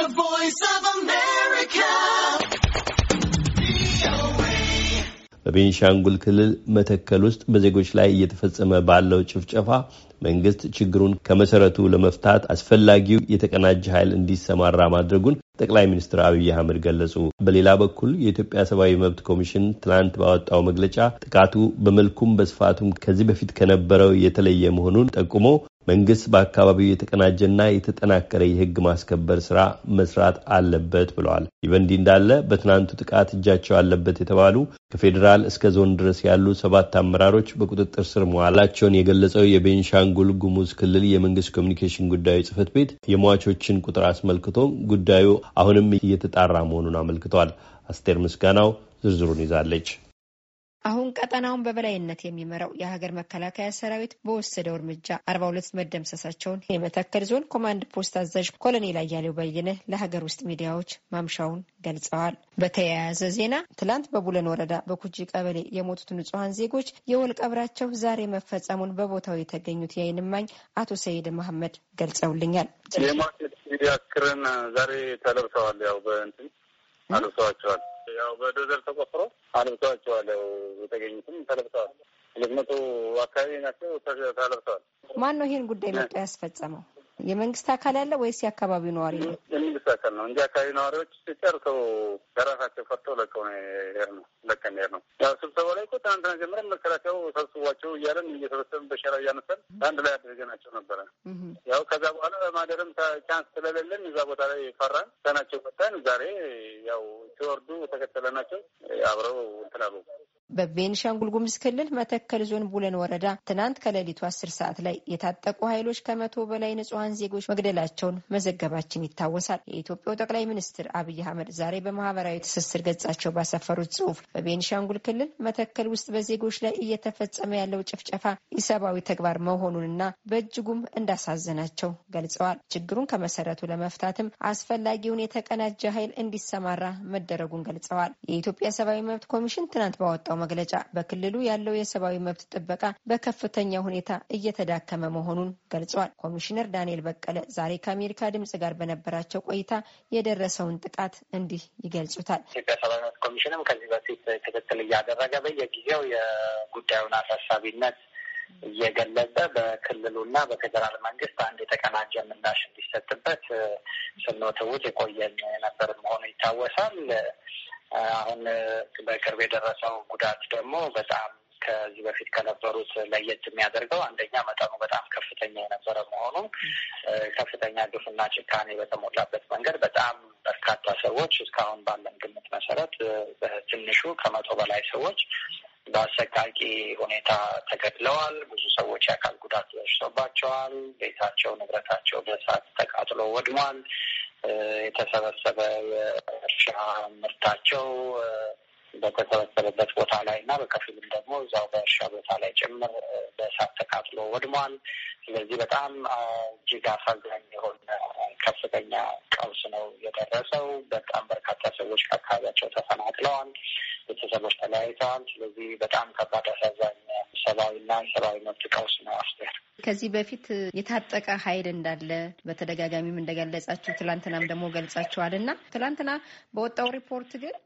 The Voice of America. በቤንሻንጉል ክልል መተከል ውስጥ በዜጎች ላይ እየተፈጸመ ባለው ጭፍጨፋ መንግስት ችግሩን ከመሰረቱ ለመፍታት አስፈላጊው የተቀናጀ ኃይል እንዲሰማራ ማድረጉን ጠቅላይ ሚኒስትር አብይ አህመድ ገለጹ። በሌላ በኩል የኢትዮጵያ ሰብአዊ መብት ኮሚሽን ትናንት ባወጣው መግለጫ ጥቃቱ በመልኩም በስፋቱም ከዚህ በፊት ከነበረው የተለየ መሆኑን ጠቁሞ መንግስት በአካባቢው የተቀናጀና የተጠናከረ የህግ ማስከበር ስራ መስራት አለበት ብለዋል። ይህ በእንዲህ እንዳለ በትናንቱ ጥቃት እጃቸው አለበት የተባሉ ከፌዴራል እስከ ዞን ድረስ ያሉ ሰባት አመራሮች በቁጥጥር ስር መዋላቸውን የገለጸው የቤንሻንጉል ጉሙዝ ክልል የመንግስት ኮሚኒኬሽን ጉዳዮች ጽህፈት ቤት የሟቾችን ቁጥር አስመልክቶ ጉዳዩ አሁንም እየተጣራ መሆኑን አመልክቷል። አስቴር ምስጋናው ዝርዝሩን ይዛለች። አሁን ቀጠናውን በበላይነት የሚመራው የሀገር መከላከያ ሰራዊት በወሰደው እርምጃ አርባ ሁለት መደምሰሳቸውን የመተከል ዞን ኮማንድ ፖስት አዛዥ ኮሎኔል አያሌው በየነ ለሀገር ውስጥ ሚዲያዎች ማምሻውን ገልጸዋል። በተያያዘ ዜና ትላንት በቡለን ወረዳ በኩጂ ቀበሌ የሞቱት ንጹሐን ዜጎች ቀብራቸው ዛሬ መፈጸሙን በቦታው የተገኙት የዓይን እማኝ አቶ ሰይድ መሐመድ ገልጸውልኛል። የሟቾች ሚዲያ ክርን ዛሬ ተለብሰዋል ያው በእንትን አልብሰዋቸዋል። ያው በዶዘር ተቆፍሮ አልብሰዋቸዋል። ያው የተገኙትም ተለብሰዋል። ሁለት መቶ አካባቢ ናቸው ተለብሰዋል። ማን ነው ይህን ጉዳይ መጥቶ ያስፈጸመው? የመንግስት አካል ያለ ወይስ የአካባቢው ነዋሪ ነው? የመንግስት አካል ነው እንጂ አካባቢ ነዋሪዎች ሲጨርሰው በራሳቸው ፈርተው ለቀው ነው የሄድነው። ለቀን ነው። ያው ስብሰባ ላይ እኮ ትናንትና ጀምረን መከላከያው ሰብስቧቸው እያለን እየሰበሰብን በሸራ እያነሳን አንድ ላይ አድርገናቸው ነበረ። ያው ከዛ በኋላ በማደርም ቻንስ ስለሌለን እዛ ቦታ ላይ ፈራን፣ ተናቸው መጣን። ዛሬ ያው ሲወርዱ ተከተለናቸው አብረው እንትን አሉ በቤኒሻንጉል ጉምዝ ክልል መተከል ዞን ቡለን ወረዳ ትናንት ከሌሊቱ አስር ሰዓት ላይ የታጠቁ ኃይሎች ከመቶ በላይ ንጹሐን ዜጎች መግደላቸውን መዘገባችን ይታወሳል። የኢትዮጵያው ጠቅላይ ሚኒስትር አብይ አህመድ ዛሬ በማህበራዊ ትስስር ገጻቸው ባሰፈሩት ጽሁፍ በቤኒሻንጉል ክልል መተከል ውስጥ በዜጎች ላይ እየተፈጸመ ያለው ጭፍጨፋ ኢሰብአዊ ተግባር መሆኑንና በእጅጉም እንዳሳዘናቸው ገልጸዋል። ችግሩን ከመሰረቱ ለመፍታትም አስፈላጊውን የተቀናጀ ኃይል እንዲሰማራ መደረጉን ገልጸዋል። የኢትዮጵያ ሰብአዊ መብት ኮሚሽን ትናንት ባወጣው መግለጫ በክልሉ ያለው የሰብአዊ መብት ጥበቃ በከፍተኛ ሁኔታ እየተዳከመ መሆኑን ገልጿል። ኮሚሽነር ዳንኤል በቀለ ዛሬ ከአሜሪካ ድምጽ ጋር በነበራቸው ቆይታ የደረሰውን ጥቃት እንዲህ ይገልጹታል። ኢትዮጵያ ሰብአዊ መብት ኮሚሽንም ከዚህ በፊት ክትትል እያደረገ በየጊዜው የጉዳዩን አሳሳቢነት እየገለጸ በክልሉና በፌዴራል መንግስት አንድ የተቀናጀ ምላሽ እንዲሰጥበት ስንወተውት የቆየን የነበር መሆኑ ይታወሳል። አሁን በቅርብ የደረሰው ጉዳት ደግሞ በጣም ከዚህ በፊት ከነበሩት ለየት የሚያደርገው አንደኛ መጠኑ በጣም ከፍተኛ የነበረ መሆኑ ከፍተኛ ግፍና ጭካኔ በተሞላበት መንገድ በጣም በርካታ ሰዎች እስካሁን ባለን ግምት መሰረት በትንሹ ከመቶ በላይ ሰዎች በአሰቃቂ ሁኔታ ተገድለዋል። ብዙ ሰዎች የአካል ጉዳት ደርሶባቸዋል። ቤታቸው፣ ንብረታቸው በእሳት ተቃጥሎ ወድሟል። የተሰበሰበ የእርሻ ምርታቸው በተሰበሰበበት ቦታ ላይ እና በከፊልም ደግሞ እዛው በእርሻ ቦታ ላይ ጭምር በእሳት ተቃጥሎ ወድሟል። ስለዚህ በጣም እጅግ አሳዛኝ የሆነ ከፍተኛ ቀውስ ነው የደረሰው። በጣም በርካታ ሰዎች ከአካባቢያቸው ተፈናቅለዋል፣ ቤተሰቦች ተለያይተዋል። ስለዚህ በጣም ከባድ አሳዛኝ ሰብአዊና ሰብአዊ መብት ቀውስ ነው መፍጠር። ከዚህ በፊት የታጠቀ ኃይል እንዳለ በተደጋጋሚም እንደገለጻችሁ ትላንትናም ደግሞ ገልጻችኋል እና ትላንትና በወጣው ሪፖርት ግን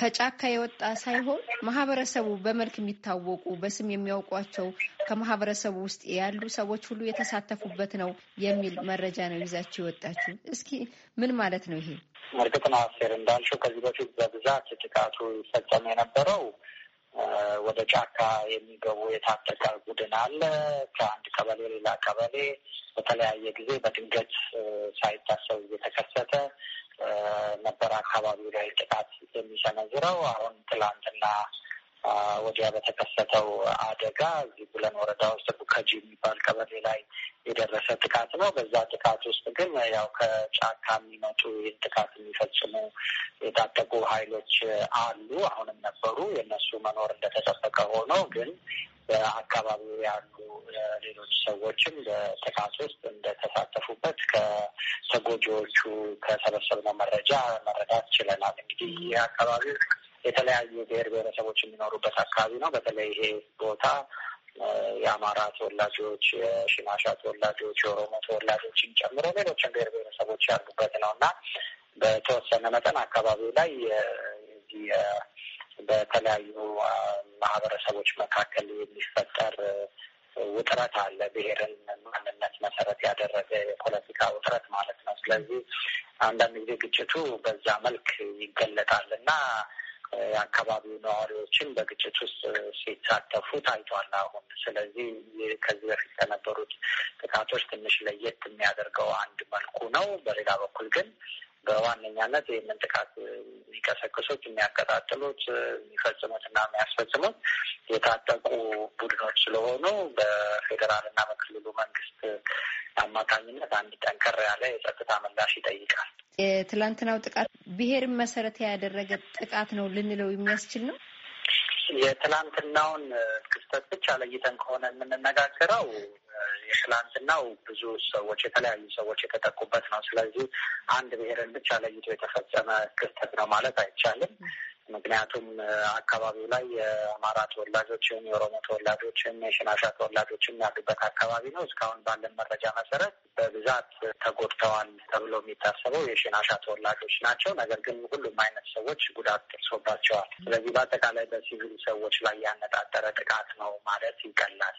ከጫካ የወጣ ሳይሆን ማህበረሰቡ በመልክ የሚታወቁ በስም የሚያውቋቸው ከማህበረሰቡ ውስጥ ያሉ ሰዎች ሁሉ የተሳተፉበት ነው የሚል መረጃ ነው ይዛችሁ የወጣችሁ። እስኪ ምን ማለት ነው ይሄ? እርግጥ ነው አስቴር እንዳልሽው ከዚህ በፊት በብዛት ጥቃቱ ይፈጸም የነበረው ወደ ጫካ የሚገቡ የታጠቀ ቡድን አለ። ከአንድ ቀበሌ ሌላ ቀበሌ በተለያየ ጊዜ በድንገት ሳይታሰብ እየተከሰተ ነበር አካባቢው ላይ ጥቃት የሚሰነዝረው። አሁን ትላንትና ወዲያ በተከሰተው አደጋ እዚህ ቡለን ወረዳ ውስጥ ቡከጂ የሚባል ቀበሌ ላይ የደረሰ ጥቃት ነው። በዛ ጥቃት ውስጥ ግን ያው ከጫካ የሚመጡ ይህን ጥቃት የሚፈጽሙ የታጠቁ ኃይሎች አሉ፣ አሁንም ነበሩ። የእነሱ መኖር እንደተጠበቀ ሆኖ ግን በአካባቢው ያሉ ሌሎች ሰዎችም በጥቃት ውስጥ እንደተሳተፉበት ከተጎጂዎቹ ከሰበሰብነው መረጃ መረዳት ችለናል። እንግዲህ ይህ አካባቢ የተለያዩ ብሔር ብሔረሰቦች የሚኖሩበት አካባቢ ነው። በተለይ ይሄ ቦታ የአማራ ተወላጆች፣ የሽናሻ ተወላጆች፣ የኦሮሞ ተወላጆችን ጨምሮ ሌሎችን ብሔር ብሔረሰቦች ያሉበት ነው እና በተወሰነ መጠን አካባቢው ላይ በተለያዩ ማህበረሰቦች መካከል የሚፈጠር ውጥረት አለ። ብሔርን ማንነት መሰረት ያደረገ የፖለቲካ ውጥረት ማለት ነው። ስለዚህ አንዳንድ ጊዜ ግጭቱ በዛ መልክ ይገለጣል እና የአካባቢው ነዋሪዎችን በግጭት ውስጥ ሲሳተፉ ታይቷል። አሁን ስለዚህ ከዚህ በፊት ከነበሩት ጥቃቶች ትንሽ ለየት የሚያደርገው አንድ መልኩ ነው። በሌላ በኩል ግን በዋነኛነት ይህንን ጥቃት የሚቀሰቅሱት፣ የሚያቀጣጥሉት፣ የሚፈጽሙት እና የሚያስፈጽሙት የታጠቁ ቡድኖች ስለሆኑ በፌዴራል እና በክልሉ መንግስት አማካኝነት አንድ ጠንከር ያለ የጸጥታ ምላሽ ይጠይቃል። የትላንትናው ጥቃት ብሔርን መሰረት ያደረገ ጥቃት ነው ልንለው የሚያስችል ነው። የትላንትናውን ክስተት ብቻ ለይተን ከሆነ የምንነጋገረው የትላንትናው ብዙ ሰዎች የተለያዩ ሰዎች የተጠቁበት ነው። ስለዚህ አንድ ብሔርን ብቻ ለይቶ የተፈጸመ ክስተት ነው ማለት አይቻልም። ምክንያቱም አካባቢው ላይ የአማራ ተወላጆችም የኦሮሞ ተወላጆችም የሽናሻ ተወላጆችም ያሉበት አካባቢ ነው። እስካሁን ባለን መረጃ መሰረት በብዛት ተጎድተዋል ተብሎ የሚታሰበው የሽናሻ ተወላጆች ናቸው። ነገር ግን ሁሉም አይነት ሰዎች ጉዳት ደርሶባቸዋል። ስለዚህ በአጠቃላይ በሲቪል ሰዎች ላይ ያነጣጠረ ጥቃት ነው ማለት ይቀላል።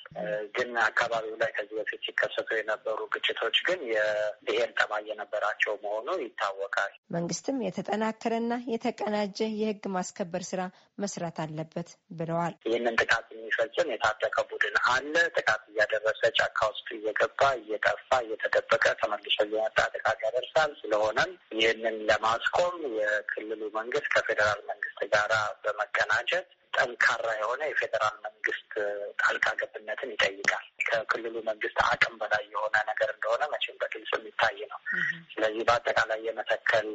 ግን አካባቢው ላይ ከዚህ በፊት ሲከሰቱ የነበሩ ግጭቶች ግን የብሔር ጠባይ የነበራቸው መሆኑ ይታወቃል። መንግስትም የተጠናከረና የተቀናጀ የህግ የማስከበር ስራ መስራት አለበት ብለዋል። ይህንን ጥቃት የሚፈጽም የታጠቀ ቡድን አለ። ጥቃት እያደረሰ ጫካ ውስጥ እየገባ እየጠፋ እየተደበቀ ተመልሶ እየመጣ ጥቃት ያደርሳል። ስለሆነም ይህንን ለማስቆም የክልሉ መንግስት ከፌዴራል መንግስት ጋራ በመቀናጀት ጠንካራ የሆነ የፌዴራል መንግስት ጣልቃ ገብነትን ይጠይቃል። ከክልሉ መንግስት አቅም በላይ የሆነ ነገር እንደሆነ መቼም በግልጽ የሚታይ ነው። ስለዚህ በአጠቃላይ የመተከል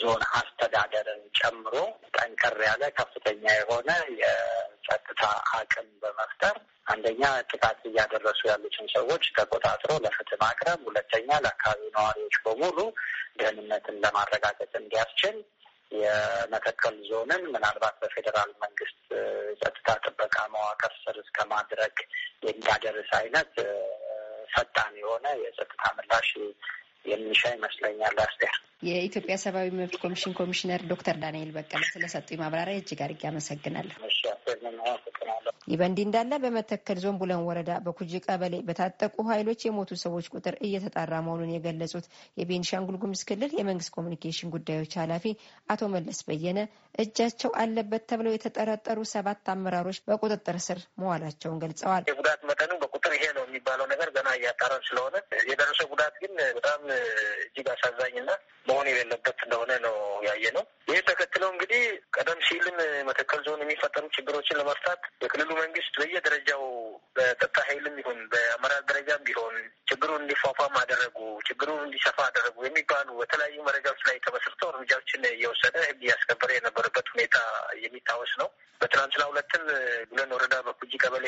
ዞን አስተዳደርን ጨምሮ ጠንከር ያለ ከፍተኛ የሆነ የጸጥታ አቅም በመፍጠር አንደኛ ጥቃት እያደረሱ ያሉትን ሰዎች ተቆጣጥሮ ለፍትህ ማቅረብ፣ ሁለተኛ ለአካባቢው ነዋሪዎች በሙሉ ደህንነትን ለማረጋገጥ እንዲያስችል የመተከል ዞንን ምናልባት በፌዴራል መንግስት ጸጥታ ጥበቃ መዋቅር ስር እስከ ማድረግ የሚያደርስ አይነት ፈጣን የሆነ የጸጥታ ምላሽ የሚሻ ይመስለኛል። አስቴር፣ የኢትዮጵያ ሰብአዊ መብት ኮሚሽን ኮሚሽነር ዶክተር ዳንኤል በቀለ ስለሰጡኝ ማብራሪያ እጅግ አድርጌ አመሰግናለሁ። ይህ በእንዲህ እንዳለ በመተከል ዞን ቡለን ወረዳ በኩጂ ቀበሌ በታጠቁ ኃይሎች የሞቱ ሰዎች ቁጥር እየተጣራ መሆኑን የገለጹት የቤንሻንጉል ጉምዝ ክልል የመንግስት ኮሚኒኬሽን ጉዳዮች ኃላፊ አቶ መለስ በየነ እጃቸው አለበት ተብለው የተጠረጠሩ ሰባት አመራሮች በቁጥጥር ስር መዋላቸውን ገልጸዋል። የጉዳት መጠኑ የሚባለው ነገር ገና እያጣረን ስለሆነ የደረሰ ጉዳት ግን በጣም እጅግ አሳዛኝና መሆን የሌለበት እንደሆነ ነው ያየ ነው። ይህ ተከትለው እንግዲህ ቀደም ሲልም መተከል ዞን የሚፈጠሩ ችግሮችን ለመፍታት የክልሉ መንግስት በየደረጃው በጸጥታ ኃይልም ይሁን በአመራር ደረጃም ቢሆን ችግሩ እንዲፏፏም አደረጉ፣ ችግሩ እንዲሰፋ አደረጉ የሚባሉ በተለያዩ መረጃዎች ላይ ተመስርተው እርምጃዎችን እየወሰደ ህግ እያስከበረ የነበረበት ሁኔታ የሚታወስ ነው። በትናንትና ሁለትም ጉለን ወረዳ በኩጂ ቀበሌ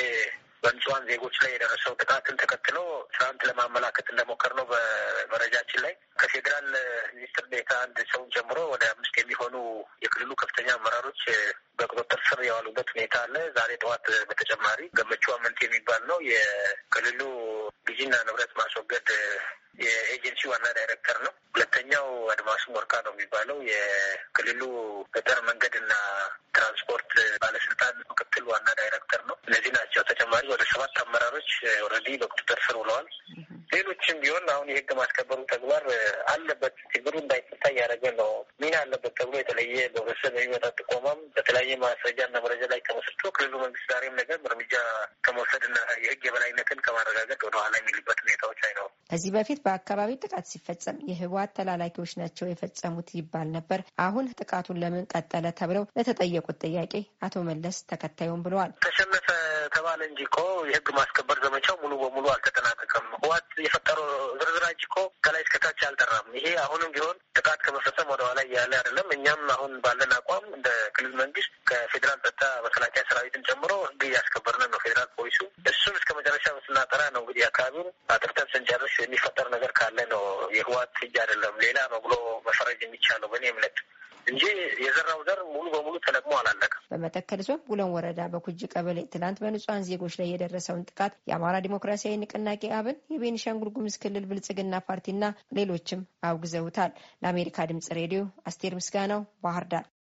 በንጹሃን ዜጎች ላይ የደረሰው ጥቃትን ተከትሎ ትናንት ለማመላከት እንደሞከር ነው በመረጃችን ላይ ከፌዴራል ሚኒስትር ዴኤታ አንድ ሰውን ጀምሮ ወደ አምስት የሚሆኑ የክልሉ ከፍተኛ አመራሮች በቁጥጥር ስር የዋሉበት ሁኔታ አለ። ዛሬ ጠዋት በተጨማሪ ገመቹ አመንቴ የሚባል ነው የክልሉ ግዢና ንብረት ማስወገድ የኤጀንሲ ዋና ዳይሬክተር ነው። ሁለተኛው አድማሱም ወርካ ነው የሚባለው የክልሉ ገጠር መንገድና ትራንስፖርት ባለስልጣን ምክትል ዋና ዳይሬክተር ነው። እነዚህ ወደ ሰባት አመራሮች ኦልሬዲ በቁጥጥር ስር ውለዋል። ሌሎችም ቢሆን አሁን የህግ ማስከበሩ ተግባር አለበት ችግሩ እንዳይፈታ እያደረገ ነው። ሚና አለበት ተብሎ የተለየ በህብረተሰብ የሚመጣ ጥቆማም በተለያየ ማስረጃ እና መረጃ ላይ ተመስርቶ ክልሉ መንግስት ዛሬም ነገር እርምጃ ከመውሰድና የህግ የበላይነትን ከማረጋገጥ ወደኋላ የሚልበት ሁኔታዎች አይኖሩም። ከዚህ በፊት በአካባቢ ጥቃት ሲፈጸም የህወሓት ተላላኪዎች ናቸው የፈጸሙት ይባል ነበር። አሁን ጥቃቱን ለምን ቀጠለ ተብለው ለተጠየቁት ጥያቄ አቶ መለስ ተከታዩም ብለዋል። ተባለ እንጂ እኮ የህግ ማስከበር ዘመቻው ሙሉ በሙሉ አልተጠናቀቀም። ህዋት የፈጠረው እንጂ እኮ ከላይ እስከታች አልጠራም። ይሄ አሁንም ቢሆን ጥቃት ከመፈጸም ወደኋላ እያለ አይደለም። እኛም አሁን ባለን አቋም እንደ ክልል መንግስት ከፌዴራል ጸጥታ መከላከያ ሰራዊትን ጨምሮ ህግ እያስከበርን ነው። ፌዴራል ፖሊሱ እሱን እስከ መጨረሻ ስናጠራ ነው እንግዲህ አካባቢውን አጥርተን ስንጨርስ የሚፈጠር ነገር ካለ ነው። የህዋት እጅ አይደለም ሌላ ነው ብሎ መፈረጅ የሚቻለው በእኔ እምነት እንጂ የዘራው ዘር ሙሉ በሙሉ ተለቅሞ አላለቀም። በመተከል ዞን ቡለን ወረዳ በኩጅ ቀበሌ ትናንት በንጹሐን ዜጎች ላይ የደረሰውን ጥቃት የአማራ ዲሞክራሲያዊ ንቅናቄ አብን፣ የቤኒሻንጉል ጉሙዝ ክልል ብልጽግና ፓርቲና ሌሎችም አውግዘውታል። ለአሜሪካ ድምጽ ሬዲዮ አስቴር ምስጋናው ባህር ዳር